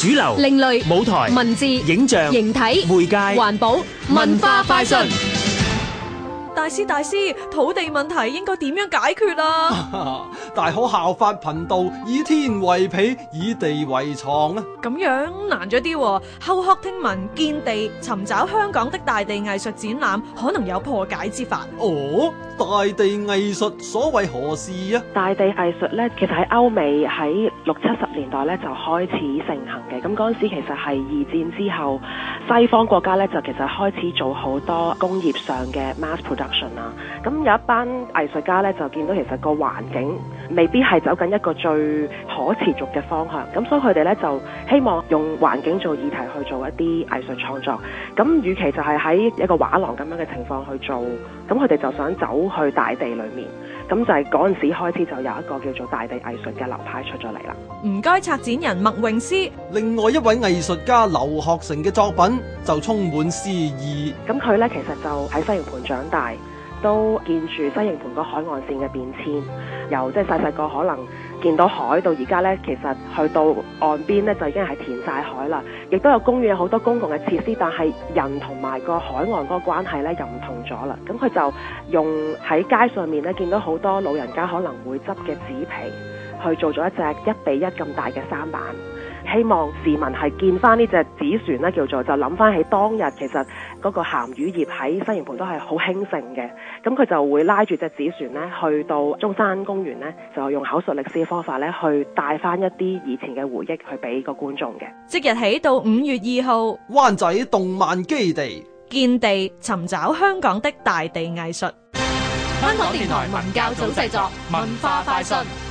主流、另類、舞台、文字、影像、形體、媒介、環保、文化、快訊。大師，大師，土地問題應該點樣解決啊？大可效法貧道，以天為被，以地為床啊！咁樣難咗啲，啊，後學聽聞見地，尋找香港的大地藝術展覽，可能有破解之法。哦，大地藝術所謂何事啊？大地藝術咧，其實喺歐美喺六七十年代咧就開始盛行嘅。咁嗰陣時其實係二戰之後，西方國家咧就其實開始做好多工業上嘅 mass production 啦。咁有一班藝術家咧就見到其實個環境，未必係走緊一個最可持續嘅方向，咁所以佢哋呢就希望用環境做議題去做一啲藝術創作，咁與其就係喺一個畫廊咁樣嘅情況去做，咁佢哋就想走去大地裏面，咁就係嗰陣時開始就有一個叫做大地藝術嘅流派出咗嚟啦。唔該，策展人麥詠詩。另外一位藝術家劉學成嘅作品就充滿詩意，咁佢呢其實就喺西營盤長大，都見住西營盤個海岸線嘅變遷。由即係細細個可能見到海，到而家呢，其實去到岸邊呢，就已經係填晒海啦。亦都有公園，有好多公共嘅設施，但係人同埋個海岸嗰個關係呢，又唔同咗啦。咁佢就用喺街上面呢，見到好多老人家可能會執嘅紙皮，去做咗一隻一比一咁大嘅舢舨。希望市民係見翻呢隻紙船咧，叫做就諗翻起當日，其實嗰個鹹魚業喺西營盤都係好興盛嘅。咁佢就會拉住隻紙船咧，去到中山公園咧，就用口述歷史嘅方法咧，去帶翻一啲以前嘅回憶，去俾個觀眾嘅。即日起到五月二號，灣仔動漫基地見地，尋找香港的大地藝術。香港電台文教組製作，文化快訊。